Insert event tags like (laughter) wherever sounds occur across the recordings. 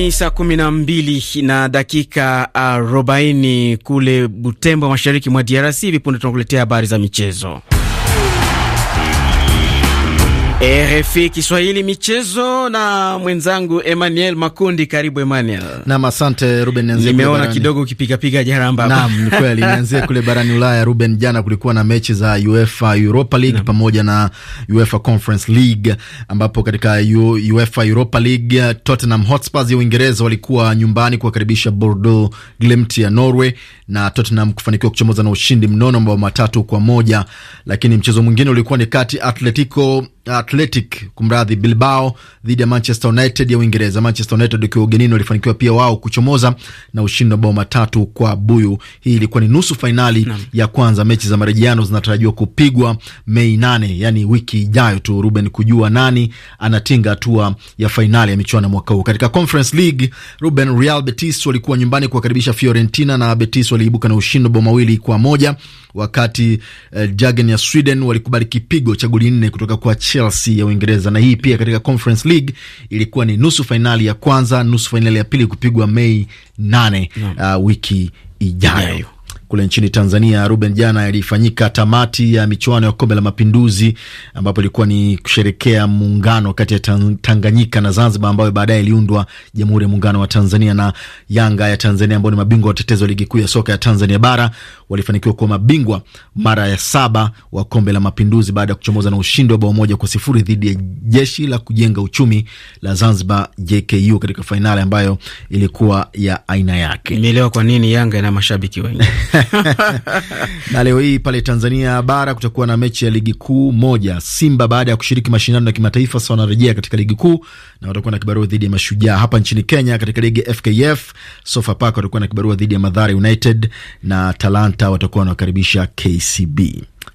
Ni saa kumi na mbili na dakika arobaini kule Butembo, mashariki mwa DRC. Hivi punde tunakuletea habari za michezo. Eh, RFI Kiswahili michezo na mwenzangu Emmanuel Makundi. Karibu Emmanuel. Nam, asante Ruben. Nimeona kidogo ukipigapiga jana mbaba. Naam, ni kweli. (laughs) Nianzie kule barani Ulaya, Ruben. Jana kulikuwa na mechi za UEFA Europa League naam, pamoja na UEFA Conference League, ambapo katika UEFA Europa League Tottenham Hotspur ya Uingereza walikuwa nyumbani kuwakaribisha Bordeaux Glimt ya Norway na Tottenham kufanikiwa kuchomoza na ushindi mnono mabao matatu kwa moja, lakini mchezo mwingine ulikuwa ni kati Atletico Athletic kumradhi, Bilbao dhidi ya Manchester United ya Uingereza. Manchester United ukiwa ugenini walifanikiwa pia wao kuchomoza na ushindi wa bao matatu kwa buyu. Hii ilikuwa ni nusu fainali ya kwanza. Mechi za marejiano zinatarajiwa kupigwa Mei nane, yani wiki ijayo tu, Ruben, kujua nani anatinga hatua ya fainali ya michuano mwaka huu. Katika Conference League, Ruben, Real Betis walikuwa nyumbani kuwakaribisha Fiorentina na Betis waliibuka na ushindi bao mawili kwa moja wakati eh, Jagen ya Sweden walikubali kipigo cha goli nne kutoka kwa Chelsea ya Uingereza. Na hii pia katika Conference League ilikuwa ni nusu fainali ya kwanza, nusu fainali ya pili kupigwa Mei nane, uh, wiki ijayo. Kule nchini Tanzania, Ruben, jana ilifanyika tamati ya michuano ya kombe la Mapinduzi, ambapo ilikuwa ni kusherekea muungano kati ya Tanganyika na Zanzibar, ambayo baadaye iliundwa Jamhuri ya Muungano wa Tanzania. Na Yanga ya Tanzania ambao ni mabingwa watetezi wa ligi kuu ya soka ya Tanzania bara walifanikiwa kuwa mabingwa mara ya saba wa kombe la Mapinduzi baada ya kuchomoza na ushindi wa bao moja kwa sifuri dhidi ya jeshi la kujenga uchumi la Zanzibar, JKU, katika fainali ambayo ilikuwa ya aina yake. Nimeelewa kwa nini Yanga ina mashabiki wengi (laughs) (laughs) na leo hii pale Tanzania bara kutakuwa na mechi ya ligi kuu moja. Simba baada ya kushiriki mashindano ya kimataifa sasa wanarejea katika ligi kuu na watakuwa na kibarua dhidi ya Mashujaa. Hapa nchini Kenya katika ligi FKF, Sofapaka watakuwa na kibarua dhidi ya Mathare United na Talanta watakuwa wanawakaribisha KCB.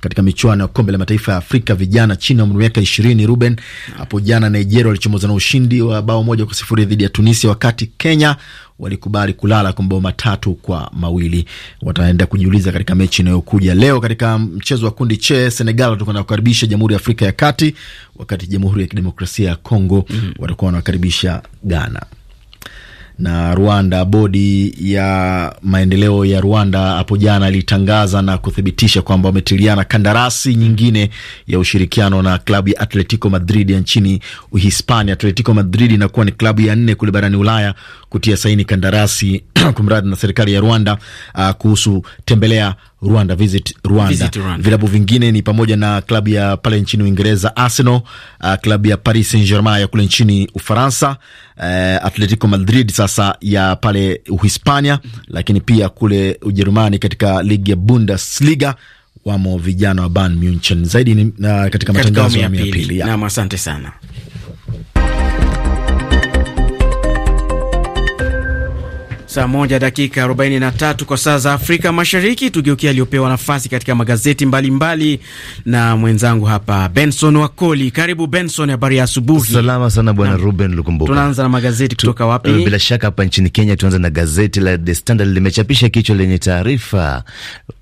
Katika michuano ya kombe la mataifa ya Afrika vijana chini ya umri miaka ishirini, Ruben, hapo jana Nigeria walichomoza na ushindi wa bao moja kwa sifuri dhidi ya Tunisia, wakati Kenya walikubali kulala kwa mabao matatu kwa mawili. Wataenda kujiuliza katika mechi inayokuja leo. Katika mchezo wa kundi che, Senegal watakuwa wanakaribisha Jamhuri ya Afrika ya Kati, wakati Jamhuri ya Kidemokrasia ya Kongo mm -hmm. watakuwa wanawakaribisha Ghana na Rwanda. Bodi ya maendeleo ya Rwanda hapo jana ilitangaza na kuthibitisha kwamba wametiliana kandarasi nyingine ya ushirikiano na klabu ya Atletico Madrid ya nchini Uhispania. Atletico Madrid inakuwa ni klabu ya nne kule barani Ulaya kutia saini kandarasi (clears throat) kumradi na serikali ya Rwanda uh, kuhusu tembelea Rwanda, visit Rwanda. Visit Rwanda. Vilabu vingine ni pamoja na klabu ya pale nchini Uingereza Arsenal, uh, klabu ya Paris Saint-Germain ya kule nchini Ufaransa, uh, Atletico Madrid sasa ya pale Uhispania, lakini pia kule Ujerumani katika ligi ya Bundesliga wamo vijana wa Bayern Munich. Zaidi ni, uh, katika matangazo ya pili. Naam, asante sana. Saa moja dakika 43 kwa saa za Afrika Mashariki, tugeukia aliyopewa nafasi katika magazeti mbalimbali mbali, na mwenzangu hapa Benson Wakoli. Karibu Benson, habari ya asubuhi. Salama sana bwana Ruben Lukumbuka. Tunaanza na magazeti kutoka wapi? Eh, bila shaka hapa nchini Kenya, tuanza na gazeti la The Standard, limechapisha kichwa lenye taarifa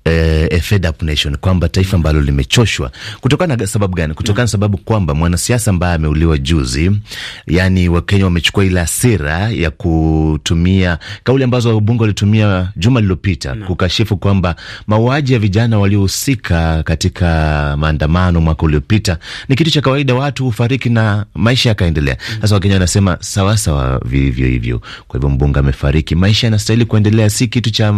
eh, fed up nation, kwamba taifa ambalo limechoshwa. Kutokana na sababu gani? Kutokana na sababu kwamba mwanasiasa ambaye ameuliwa juzi, yani Wakenya wamechukua ile asira ya kutumia kauli kauli ambazo wabunge walitumia juma lililopita kukashifu kwamba mauaji ya vijana waliohusika katika maandamano mwaka uliopita ni kitu cha kawaida, watu hufariki na maisha yakaendelea. Mm. Sasa Wakenya wanasema sawasawa, vivyo hivyo. Kwa hivyo mbunge amefariki, maisha yanastahili kuendelea, si kitu cha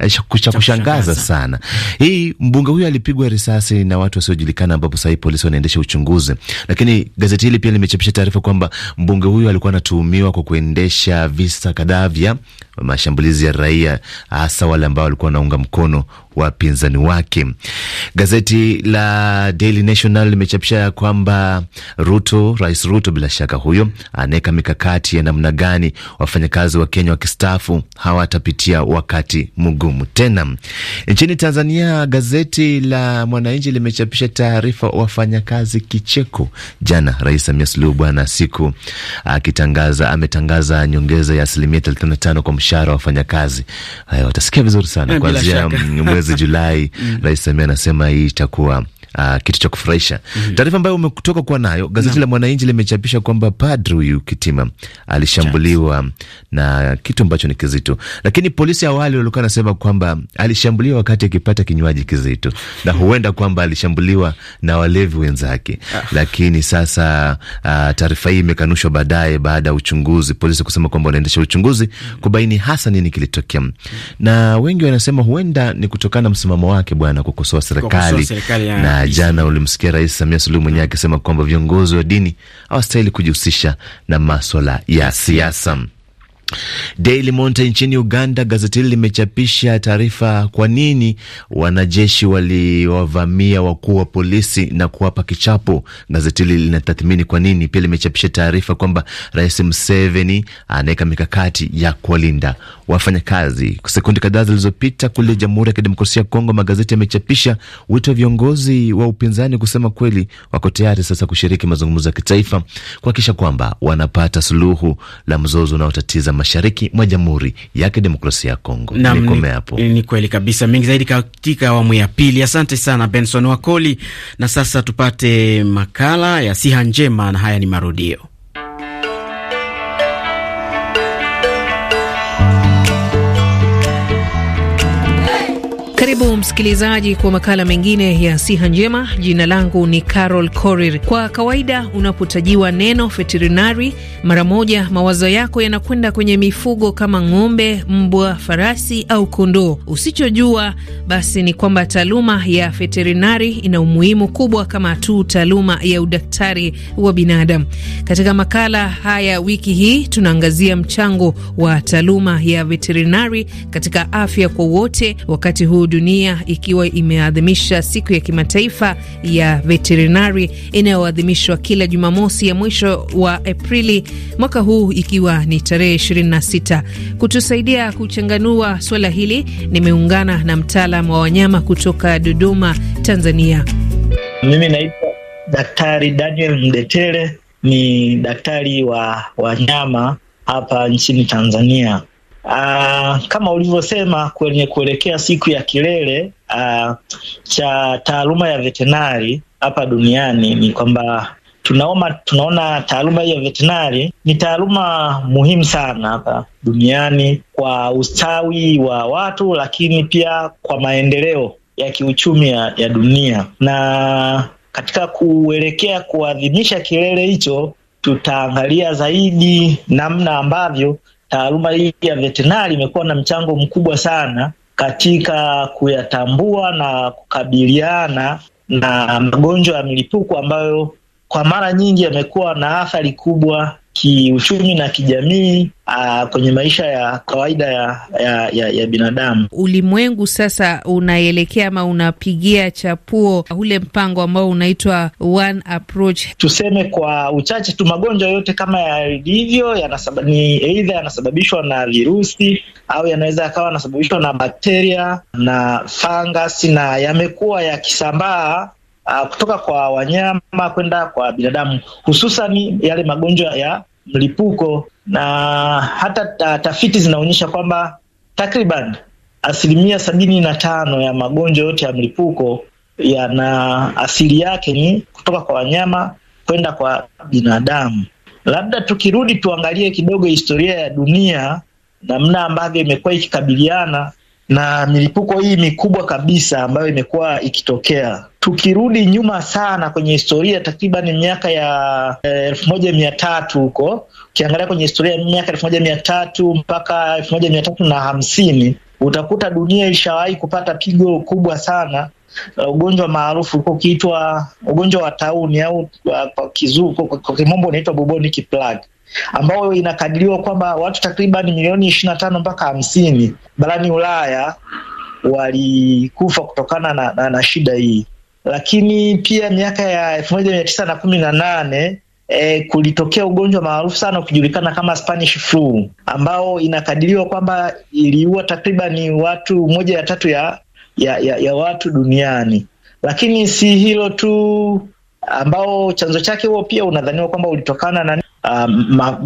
Eh, cha kushangaza sana. Hii mbunge huyo alipigwa risasi na watu wasiojulikana, ambapo sahi polisi wanaendesha uchunguzi. Lakini gazeti hili pia limechapisha taarifa kwamba mbunge huyo alikuwa anatuhumiwa kwa kuendesha visa kadhaa vya mashambulizi ya raia, hasa wale ambao walikuwa wanaunga mkono wapinzani wake. Gazeti la Daily National limechapisha ya kwamba Ruto, Rais Ruto bila shaka huyo anaweka mikakati ya namna gani wafanyakazi wa Kenya wakistaafu hawatapitia wakati mgumu tena. Nchini Tanzania, gazeti la Mwananchi limechapisha taarifa wafanyakazi kicheko. Jana Rais Samia Suluhu Bwana siku ah, akitangaza ametangaza nyongeza ya asilimia 35 kwa mshahara wa wafanyakazi. Haya, watasikia vizuri sana eh, kuanzia mwezi Julai. Mm. Rais Samia anasema hii itakuwa uh, kitu cha kufurahisha mm -hmm. Taarifa ambayo umetoka kuwa nayo gazeti no. la Mwananchi limechapisha kwamba padri huyu Kitima alishambuliwa Chans. na kitu ambacho ni kizito, lakini polisi awali walikuwa anasema kwamba alishambuliwa wakati akipata kinywaji kizito na huenda kwamba alishambuliwa na walevi wenzake ah. Lakini sasa uh, taarifa hii imekanushwa baadaye baada ya uchunguzi, polisi kusema kwamba wanaendesha uchunguzi mm -hmm. kubaini hasa nini kilitokea, mm -hmm. na wengi wanasema huenda ni kutokana na msimamo wake bwana kukosoa serikali na jana ulimsikia Rais Samia Suluhu mwenyewe akisema kwamba viongozi wa dini hawastahili kujihusisha na maswala ya siasa. Daily Monitor nchini Uganda, gazeti hili limechapisha taarifa kwa nini wanajeshi waliwavamia wakuu wa polisi na kuwapa kichapo. Gazeti hili linatathmini kwa nini. Pia limechapisha taarifa kwamba Rais Museveni anaweka mikakati ya kuwalinda wafanyakazi. Sekundi kadhaa zilizopita, kule Jamhuri ya Kidemokrasia ya Kongo, magazeti yamechapisha wito wa viongozi wa upinzani kusema kweli wako tayari sasa kushiriki mazungumzo ya kitaifa kuhakikisha kwamba wanapata suluhu la mzozo unaotatiza mashariki mwa Jamhuri ya Kidemokrasia ya Kongo. Nikomea hapo. Ni kweli kabisa, mengi zaidi katika awamu ya pili. Asante sana Benson Wakoli, na sasa tupate makala ya siha njema, na haya ni marudio. Karibu msikilizaji kwa makala mengine ya siha njema. Jina langu ni Carol Korir. Kwa kawaida unapotajiwa neno veterinari, mara moja mawazo yako yanakwenda kwenye mifugo kama ng'ombe, mbwa, farasi au kondoo. Usichojua basi ni kwamba taaluma ya veterinari ina umuhimu kubwa kama tu taaluma ya udaktari wa binadamu. Katika makala haya wiki hii tunaangazia mchango wa taaluma ya veterinari katika afya kwa wote, wakati huu dunia ikiwa imeadhimisha siku ya kimataifa ya veterinari inayoadhimishwa kila Jumamosi ya mwisho wa Aprili, mwaka huu ikiwa ni tarehe 26. Kutusaidia kuchanganua suala hili, nimeungana na mtaalamu wa wanyama kutoka Dodoma, Tanzania. Mimi naitwa Daktari Daniel Mdetere, ni daktari wa wanyama hapa nchini Tanzania. Aa, ah, kama ulivyosema kwenye kuelekea siku ya kilele aa, ah, cha taaluma ya vetenari hapa duniani ni kwamba tunaoma, tunaona taaluma hii ya vetenari ni taaluma muhimu sana hapa duniani kwa ustawi wa watu, lakini pia kwa maendeleo ya kiuchumi ya, ya dunia na katika kuelekea kuadhimisha kilele hicho tutaangalia zaidi namna ambavyo taaluma hii ya vetenari imekuwa na mchango mkubwa sana katika kuyatambua na kukabiliana na magonjwa ya milipuko ambayo kwa mara nyingi yamekuwa na athari kubwa kiuchumi na kijamii a, ah, kwenye maisha ya kawaida ya, ya, ya, ya binadamu. Ulimwengu sasa unaelekea ama unapigia chapuo ule mpango ambao unaitwa One Approach. Tuseme kwa uchache tu, magonjwa yote kama yalivyo ni eidha yanasababishwa na virusi au yanaweza yakawa yanasababishwa na bakteria na fangasi, na yamekuwa yakisambaa uh, kutoka kwa wanyama kwenda kwa binadamu, hususan yale magonjwa ya mlipuko, na hata uh, tafiti zinaonyesha kwamba takriban asilimia sabini na tano ya magonjwa yote ya mlipuko yana asili yake ni kutoka kwa wanyama kwenda kwa binadamu. Labda tukirudi tuangalie kidogo historia ya dunia, namna ambavyo imekuwa ikikabiliana na milipuko hii mikubwa kabisa ambayo imekuwa ikitokea. Tukirudi nyuma sana kwenye historia, takriban miaka ya eh, elfu moja mia tatu huko, ukiangalia kwenye historia miaka elfu moja mia tatu mpaka elfu moja mia tatu na hamsini utakuta dunia ilishawahi kupata pigo kubwa sana. Eh, ugonjwa maarufu ulikuwa ukiitwa ugonjwa wa tauni au eh, kwa kizungu, kwa kimombo unaitwa bubonic plague ambayo inakadiriwa kwamba watu takriban milioni ishirini na tano mpaka hamsini barani Ulaya walikufa kutokana na, na, na shida hii. Lakini pia miaka ya elfu moja mia tisa na kumi na nane E, kulitokea ugonjwa maarufu sana ukijulikana kama Spanish flu ambao inakadiriwa kwamba iliua takriban watu moja ya tatu ya, ya, ya, ya watu duniani. Lakini si hilo tu, ambao chanzo chake huo pia unadhaniwa kwamba ulitokana na um,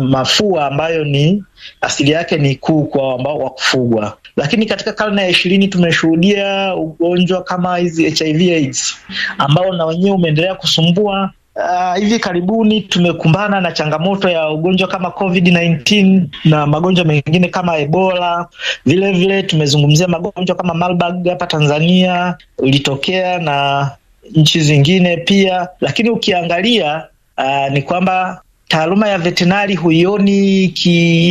mafua ambayo ni asili yake ni kwa ambao wa kufugwa, lakini katika karne ya ishirini tumeshuhudia ugonjwa kama hizi HIV AIDS ambao na wenyewe umeendelea kusumbua. Uh, hivi karibuni tumekumbana na changamoto ya ugonjwa kama COVID-19 na magonjwa mengine kama Ebola. Vilevile vile tumezungumzia magonjwa kama Marburg hapa Tanzania ulitokea na nchi zingine pia, lakini ukiangalia uh, ni kwamba taaluma ya vetenari huioni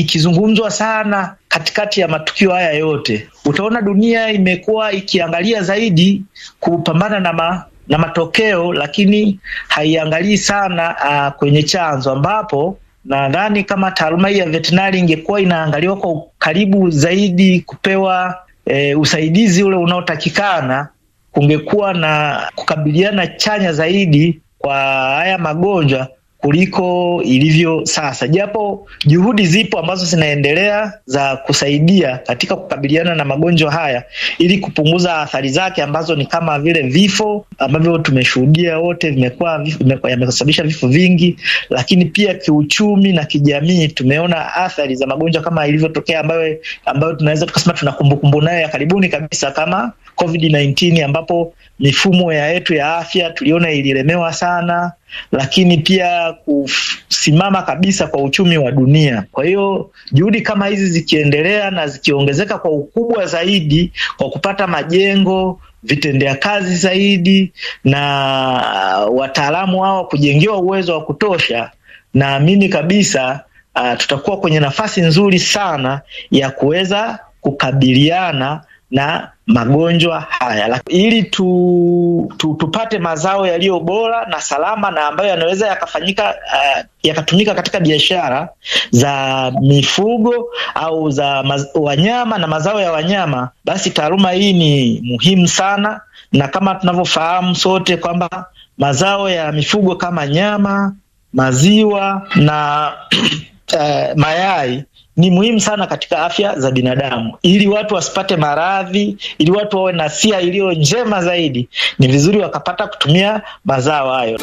ikizungumzwa sana katikati ya matukio haya yote. Utaona dunia imekuwa ikiangalia zaidi kupambana na ma, na matokeo, lakini haiangalii sana a, kwenye chanzo ambapo nadhani kama taaluma hii ya vetenari ingekuwa inaangaliwa kwa karibu zaidi, kupewa e, usaidizi ule unaotakikana, kungekuwa na kukabiliana chanya zaidi kwa haya magonjwa kuliko ilivyo sasa, japo juhudi zipo ambazo zinaendelea za kusaidia katika kukabiliana na magonjwa haya ili kupunguza athari zake ambazo ni kama vile vifo ambavyo tumeshuhudia wote, vimekuwa yamesababisha vifo vingi, lakini pia kiuchumi na kijamii tumeona athari za magonjwa kama ilivyotokea ambayo, ambayo tunaweza tukasema tuna kumbukumbu nayo ya karibuni kabisa kama COVID-19 ambapo mifumo ya yetu ya afya tuliona ililemewa sana, lakini pia kusimama kabisa kwa uchumi wa dunia. Kwa hiyo juhudi kama hizi zikiendelea na zikiongezeka kwa ukubwa zaidi, kwa kupata majengo, vitendea kazi zaidi na wataalamu hao kujengewa uwezo wa kutosha, naamini kabisa uh, tutakuwa kwenye nafasi nzuri sana ya kuweza kukabiliana na magonjwa haya ili tu, tu, tupate mazao yaliyo bora na salama na ambayo yanaweza yakafanyika uh, yakatumika katika biashara za mifugo au za maz, wanyama na mazao ya wanyama, basi taaluma hii ni muhimu sana, na kama tunavyofahamu sote kwamba mazao ya mifugo kama nyama, maziwa na uh, (clears throat) mayai ni muhimu sana katika afya za binadamu, ili watu wasipate maradhi, ili watu wawe na sia iliyo njema zaidi, ni vizuri wakapata kutumia mazao hayo.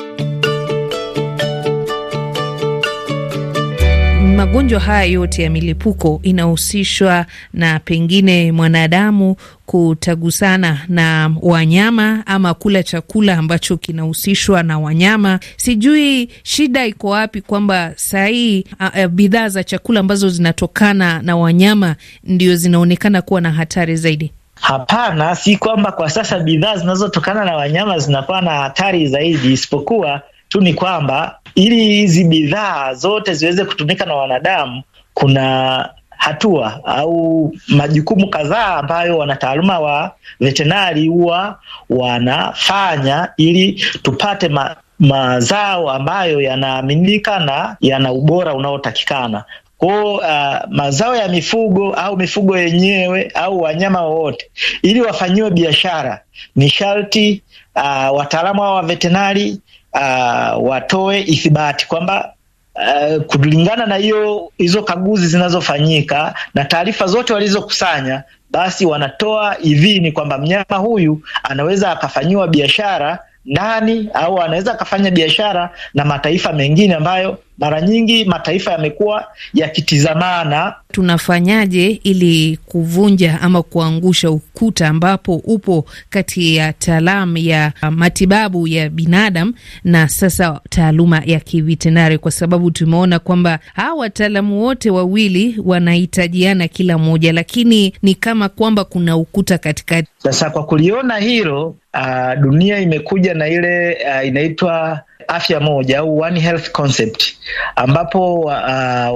Magonjwa haya yote ya milipuko inahusishwa na pengine mwanadamu kutagusana na wanyama ama kula chakula ambacho kinahusishwa na wanyama. Sijui shida iko wapi, kwamba sahii bidhaa za chakula ambazo zinatokana na wanyama ndio zinaonekana kuwa na hatari zaidi. Hapana, si kwamba kwa sasa bidhaa zinazotokana na wanyama zinakuwa na hatari zaidi, isipokuwa tu ni kwamba ili hizi bidhaa zote ziweze kutumika na wanadamu, kuna hatua au majukumu kadhaa ambayo wanataaluma wa vetenari huwa wanafanya ili tupate ma, mazao ambayo yanaaminika na yana ubora unaotakikana. Kwao uh, mazao ya mifugo au mifugo yenyewe au wanyama wowote, ili wafanyiwe biashara, ni sharti uh, wataalamu hao wa vetenari uh, watoe ithibati kwamba Uh, kulingana na hiyo hizo kaguzi zinazofanyika na taarifa zote walizokusanya, basi wanatoa idhini kwamba mnyama huyu anaweza akafanyiwa biashara ndani au anaweza akafanya biashara na mataifa mengine ambayo mara nyingi mataifa yamekuwa yakitizamana. Tunafanyaje ili kuvunja ama kuangusha ukuta ambapo upo kati ya taalam ya matibabu ya binadamu na sasa taaluma ya kivitenari, kwa sababu tumeona kwamba hawa wataalamu wote wawili wanahitajiana kila mmoja, lakini ni kama kwamba kuna ukuta katikati. Sasa kwa kuliona hilo, uh, dunia imekuja na ile uh, inaitwa afya moja au one health concept, ambapo uh,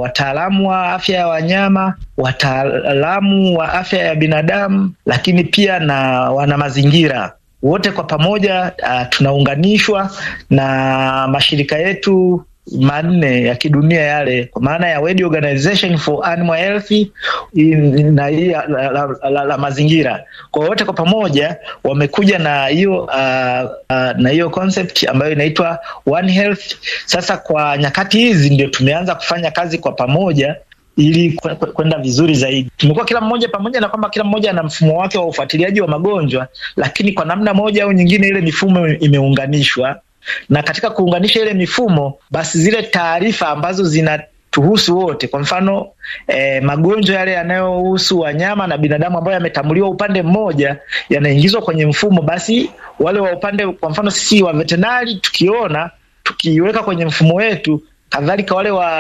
wataalamu wa afya ya wanyama, wataalamu wa afya ya binadamu, lakini pia na wana mazingira wote kwa pamoja uh, tunaunganishwa na mashirika yetu manne ya kidunia yale, kwa maana ya World Organization for Animal Health na hii la, la, la, la, la mazingira. Kwa wote kwa pamoja wamekuja na hiyo uh, uh, na hiyo concept ambayo inaitwa One Health. Sasa kwa nyakati hizi ndio tumeanza kufanya kazi kwa pamoja ili kwenda vizuri zaidi. Tumekuwa kila mmoja, pamoja na kwamba kila mmoja ana mfumo wake wa ufuatiliaji wa magonjwa, lakini kwa namna moja au nyingine ile mifumo imeunganishwa na katika kuunganisha ile mifumo, basi zile taarifa ambazo zina tuhusu wote, kwa mfano eh, magonjwa yale yanayohusu wanyama na binadamu ambayo yametambuliwa upande mmoja yanaingizwa kwenye mfumo, basi wale wa upande, kwa mfano sisi wa vetenari tukiona, tukiweka kwenye mfumo wetu, kadhalika wale wa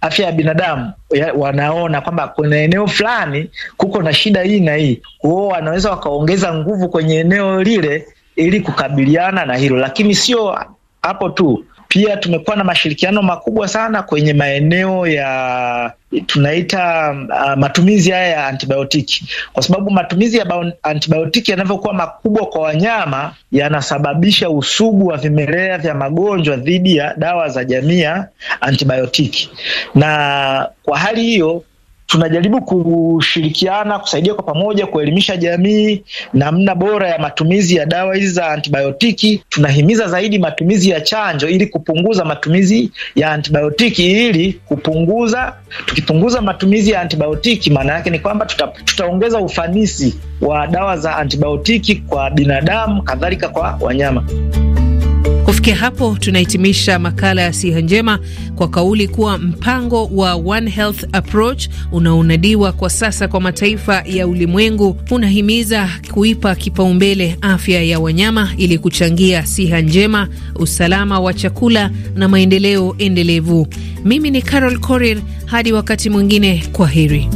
afya ya binadamu ya, wanaona kwamba kuna eneo fulani kuko na shida hii na hii, kwao wanaweza wakaongeza nguvu kwenye eneo lile ili kukabiliana na hilo, lakini sio hapo tu pia tumekuwa na mashirikiano makubwa sana kwenye maeneo ya tunaita uh, matumizi haya ya antibiotiki, kwa sababu matumizi ya antibiotiki yanavyokuwa makubwa kwa wanyama yanasababisha usugu wa vimelea vya magonjwa dhidi ya dawa za jamii ya antibiotiki, na kwa hali hiyo tunajaribu kushirikiana kusaidia kwa pamoja kuelimisha jamii namna bora ya matumizi ya dawa hizi za antibiotiki. Tunahimiza zaidi matumizi ya chanjo ili kupunguza matumizi ya antibiotiki, ili kupunguza. Tukipunguza matumizi ya antibiotiki, maana yake ni kwamba tuta, tutaongeza ufanisi wa dawa za antibiotiki kwa binadamu, kadhalika kwa wanyama. Kufikia hapo tunahitimisha makala ya siha njema kwa kauli kuwa mpango wa One Health Approach unaonadiwa kwa sasa kwa mataifa ya ulimwengu unahimiza kuipa kipaumbele afya ya wanyama ili kuchangia siha njema, usalama wa chakula na maendeleo endelevu. Mimi ni Carol Korir, hadi wakati mwingine, kwa heri.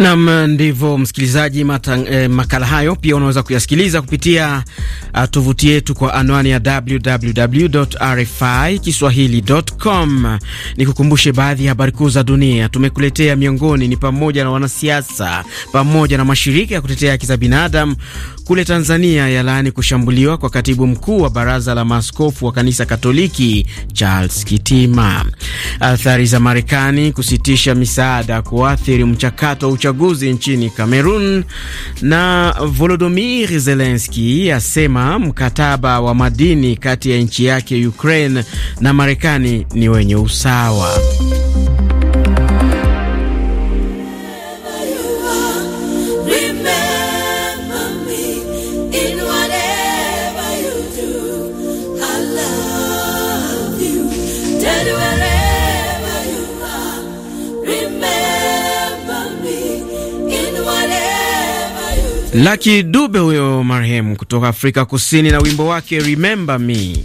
Nam ndivyo msikilizaji matang, eh, makala hayo pia unaweza kuyasikiliza kupitia Uh, tovuti yetu kwa anwani ya ni kukumbushe baadhi ya habari kuu za dunia tumekuletea, miongoni ni pamoja na wanasiasa pamoja na mashirika ya kutetea haki za binadamu kule Tanzania yalaani kushambuliwa kwa katibu mkuu wa baraza la maaskofu wa kanisa Katoliki Charles Kitima. Athari za Marekani kusitisha misaada kuathiri mchakato wa uchaguzi nchini cameron na Volodymyr Zelensky asema amesema mkataba wa madini kati ya nchi yake Ukraine na Marekani ni wenye usawa. Lucky Dube huyo marehemu kutoka Afrika Kusini na wimbo wake Remember Me.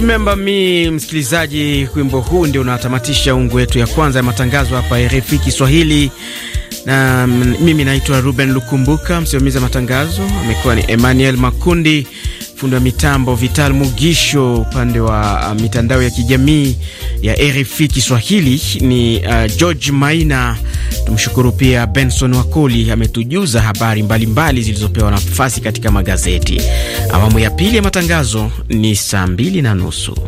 Remember Me, msikilizaji. Wimbo huu ndio unatamatisha ungu wetu ya kwanza ya matangazo hapa RFI Kiswahili, na mimi naitwa Ruben Lukumbuka, msimamizi wa matangazo amekuwa ni Emmanuel Makundi fundi wa mitambo Vital Mugisho, upande wa uh, mitandao ya kijamii ya RFI Kiswahili ni uh, George Maina. Tumshukuru pia Benson Wakoli ametujuza habari mbalimbali zilizopewa nafasi katika magazeti. Awamu ya pili ya matangazo ni saa mbili na nusu.